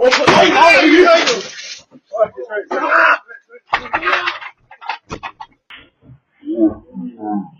我操！哎呦！啊！